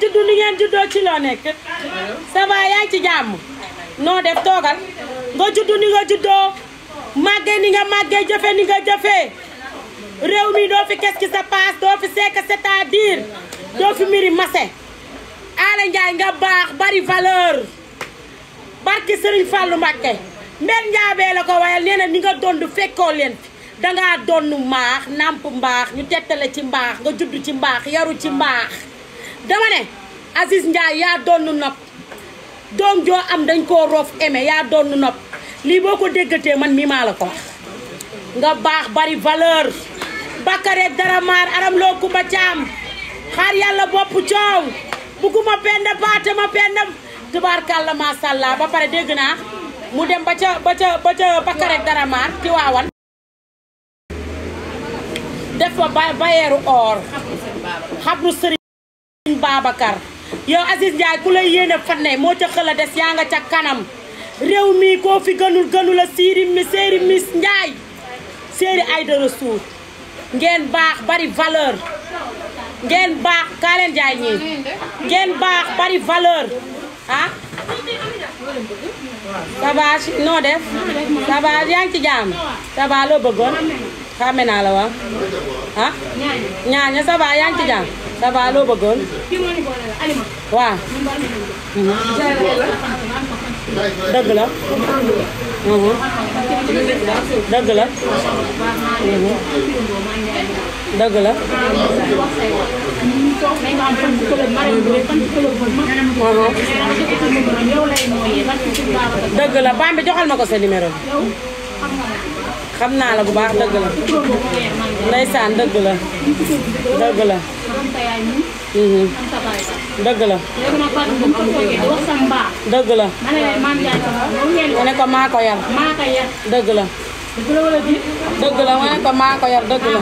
juddu ni ngeen juddoo ci loo nekk ça va ci jàmm noo def toogal nga juddu ni nga juddoo màggee ni nga màggee jëfe ni nga jëfee réew mi doo fi qu'est-ce qui se doo fi seeka cest à doo fi miri mase Aala Ndiaye nga baax bari valeur barki Serigne Fallou Mbacké mbel njaabee la ko wayal nee ni nga dond fekkoo leen fi donn mbaax nàmp mbaax ñu tettale ci mbaax nga judd ci mbaax yaru ci mbaax dama ne Aziz Ndiaye yaa doon nopp doom joo am dañ koo roof aimé yaa doon nopp lii boo ko déggatee man mii maa la ko nga baax bari valeur Bakare dara maar aram loo ku ma caam xaar yàlla bopp coow bugguma penda paate ma penda tubaarkàlla masàllaa ba pare dégg naa mu dem ba ca ba ca ba dara maar ci waawan def fa bayeeru or xabru sëriñ Babacar yow moo ca des yaa nga ca kanam réew mi koo a siiri mi séeri mis valeur ngeen baax kaa ah? noo def sabage yaa ngi ci jaam saba loo bëggoon xàmme naa la waaw ah? ñaaña saba yaa ci jaam ça va loo bëggoon. waaw. Mhm. Mhm. Mhm. dëgg la. dëgg la. dëgg la. dëgg la bambi joxal ma ko sa numéro xam naa la bu baax dëgg la. ndeysaan dëgg la nga ne ko là, ko yar dëgg la dëgg la nga ne ko maa ko yar dëgg la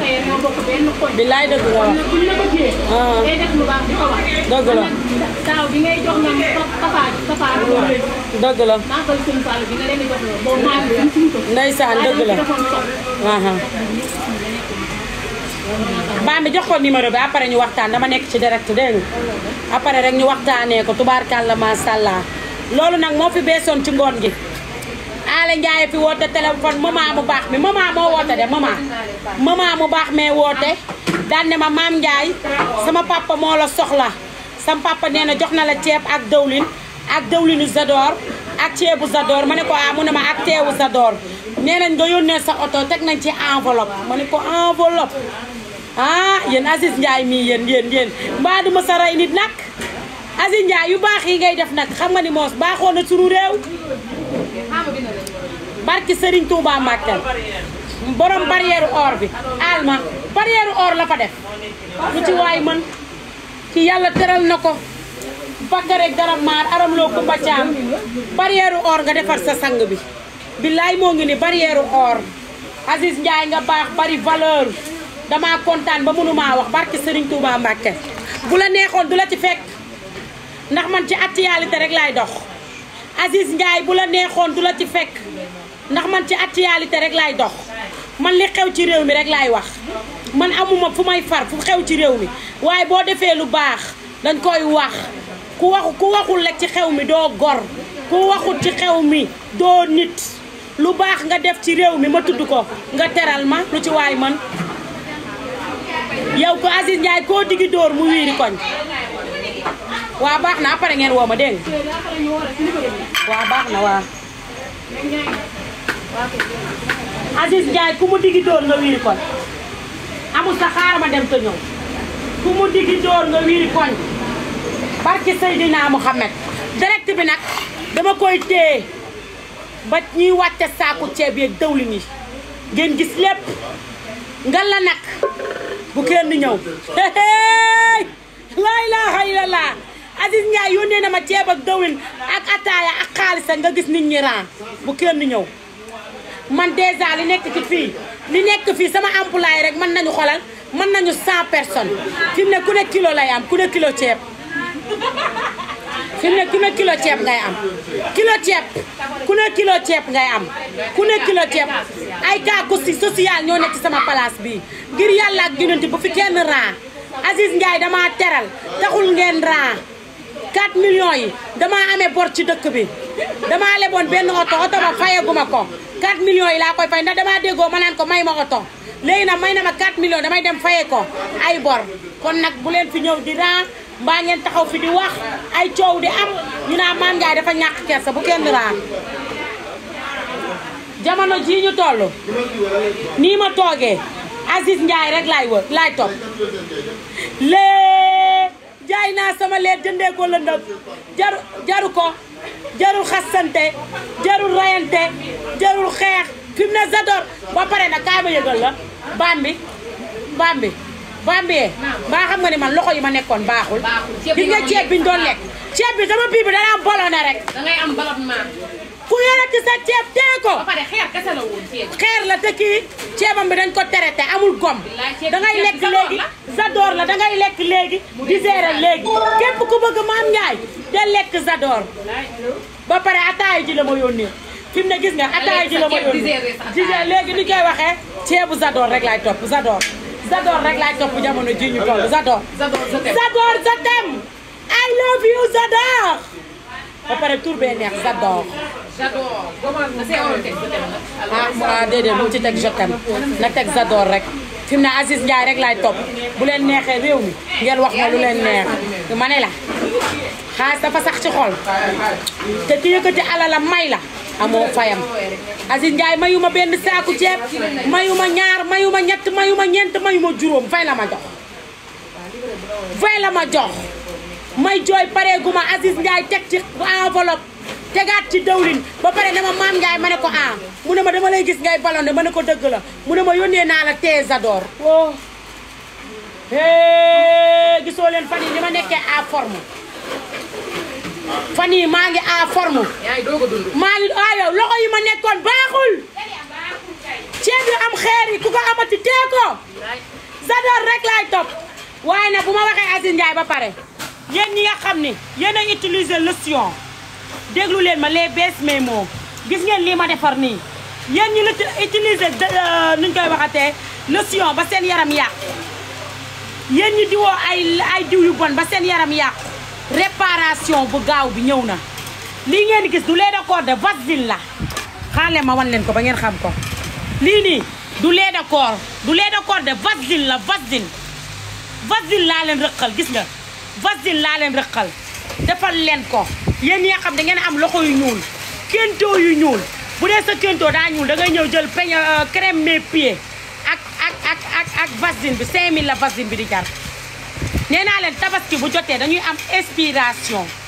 bilaay dëgg nga wax dëgg la taaw bi ngay jox ñoom papa papa dëgg la ndeysaan dëgg la Bambi jox ko numéro bi après ñu waxtaan dama nekk ci direct dégg nga après rek ñu waxtaanee ko tubaarkàlla macha allah loolu nag moo fi beesoon ci ngoon gi. Aale Ndiaye fi woote téléphone maman mu baax mi maman moo woote de maman maman mu baax mee woote daan ma maam Ndiaye sama papa moo la soxla sama papa nee jox na la ceeb ak dawlin ak dawlinu Zador ak ceebu Zador ma ne ko ah mu ne ma ak teewu Zador nee nañ nga yónnee sa oto teg nañ ci enveloppe ma ne ko enveloppe. ah yéen Aziz Ndiaye mii yéen yéen mbaa duma sa rey nit nag Aziz Ndiaye yu baax yi ngay def nag xam nga ni moos baaxoon na sunu réew barki sëriñ Touba Mbacké borom barrière or bi alma barrière or la fa def lu ci waay mën ci yàlla tëral na ko Bakare garab maar aram loo Kumba Caam barrière or nga defar sa sang bi billaay moo ngi ni barrière or Aziz Ndiaye nga baax bari valeur damaa kontaan ba mënumaa wax barke Serigne Touba Mbacke bu la neexoon du la ci fekk ndax man ci actualité rek laay dox Aziz Ndiaye bu la neexoon du la ci fekk ndax man ci actualité rek laay dox man li xew ci réew mi rek laay wax man amuma fu may far fu xew ci réew mi waaye boo defee lu baax dañ koy wax ku waxu ku waxul rek ci xew mi doo gor ku waxul ci xew mi doo nit lu baax nga def ci réew mi ma tudd ko nga teral ma lu ci waay man yow ko Aziz Ndiaye koo digi dóor mu wiiri koñ waa baax na après ngeen woo ma dégg waa baax na waa Aziz Ndiaye ku mu digi dóor nga wiiri koñ amul sa ma dem te ñëw ku mu digi dóor nga wiiri koñ barki Seydina Mouhamed direct bi nag dama koy téye ba ñuy wàcce saaku ceeb yeeg dawlin yi ngeen gis lépp nga la nag bu kenn ñëw laa ilaaha illallah Aziz Ndiaye yónnee na ma ceeb ak dawlin ak ataaya ak xaalisa nga gis nit ñi raan bu kenn ñëw man dèjà li nekk ci fii li nekk fii sama employé rek mën nañu xolal mën nañu cent personnes fi mu ne ku ne kilo lay ku ne kilo ceeb fi mu kilo ceeb ngay am kilo ceeb ku ne kilo ceeb ngay am ku ne kilo ceeb ay cas si social ñoo nekk sama palaas bi ngir yàlla ak junanti bu fi kenn ran Aziz Ndiaye dama teral taxul ngeen ran 4 millions yi dama amee bor ci dëkk bi dama leboon benn oto oto ba fayaguma ko 4 millions yi laa koy fay ndax dama déggoo ma naan ko may ma oto léegi nag may na ma 4 millions damay dem fayee ko ay bor kon nag bu leen fi ñëw di ran mbaa ngeen taxaw fi di wax ay coow di am ñu naa Mame Ndiaye dafa ñàkk kersa bu kenn raam jamono jii ñu toll nii ma toogee Aziz Ndiaye rek laay wër laay topp lee jaay naa sama leer jëndee ko lëndëm jaru jaru ko jarul xasante jarul rayante jarul xeex fi mu ba pare nag kaay yëgal la baam bi baam bi bambee mbaa xam nga ni man loxo yi ma nekkoon baaxul gis nga ceeb bi ñu doon lekk ceeb bi sama biir bi dana am bolone rek dangay am ballonnement ku yorati sa ceeb tee ko xeer la te kii ceebam bi dañ ko traité amul gom dangay lekk léegi Zador la dangay lekk léegi digérer léegi képp ku bëgg maam Njaay te lekk Zador ba pare ataay ji la ma yónnee fi ne gis nga ataay ji la ma yónnee digérer léegi ni koy waxee ceebu Zador rek laay topp Zador Zador rek laay topp jamono ji ñu toll Zador. Zador je t'aime Zador je t'aime I love you Zador. ba pare tur bee neex Zador. Zador ah ah déedéet bu ci teg je t'aime na teg Zador rek. fi mu ne Aziz Ndiaye rek laay topp bu leen neexee réew mi ngeen wax ma lu leen neex ma ne la xaalis dafa sax ci xol te ki yëkkati alalam may la. amoo fayam Aziz Ndiaye mayuma benn saaku ceeb mayuma ñaar mayuma ñett mayuma ñeent mayuma juróom fay la ma jox fay la ma jox may jooy pareeguma Aziz Ndiaye teg ci enveloppe tegaat ci dawlin ba pare dama maam Ndiaye ma ne ko ah mu ne ma dama lay gis ngay ballonné ma ne ko dëgg la mu ne ma yónnee naa la teesador oh. gisoo leen fan yi ni ma nekkee à forme fan yii maa ngi à forme. maa ah, loxo yi ma nekkoon baaxul. ceeb am xeer ku ko amati tee ko. Zador rek laay topp. waaye nag bu ma waxee Aziz ba pare yéen ñi nga xam ni yéen a utiliser lotion déglu leen ma les bees mes mots gis ngeen lii ma defar nii yéen ñi la utiliser euh, nuñ koy waxatee lotion ba seen yaram yàq yéen ñi diwoo ay diw yu ba seen yaram yàq réparation bu gaaw bi ñëw na ngeen gis du de vaseline la xaale ma wan leen ko ba ngeen xam ko du de du vaseline la vaseline vaseline la leen gis nga vaseline Vous leen defal ko xam ngeen am loxo yu kento yu bu sa euh, crème mes pieds ak ak ak ak vaseline bi 5000 la vaseline bi di nee naa leen tabaski bu jotee dañuy am inspiration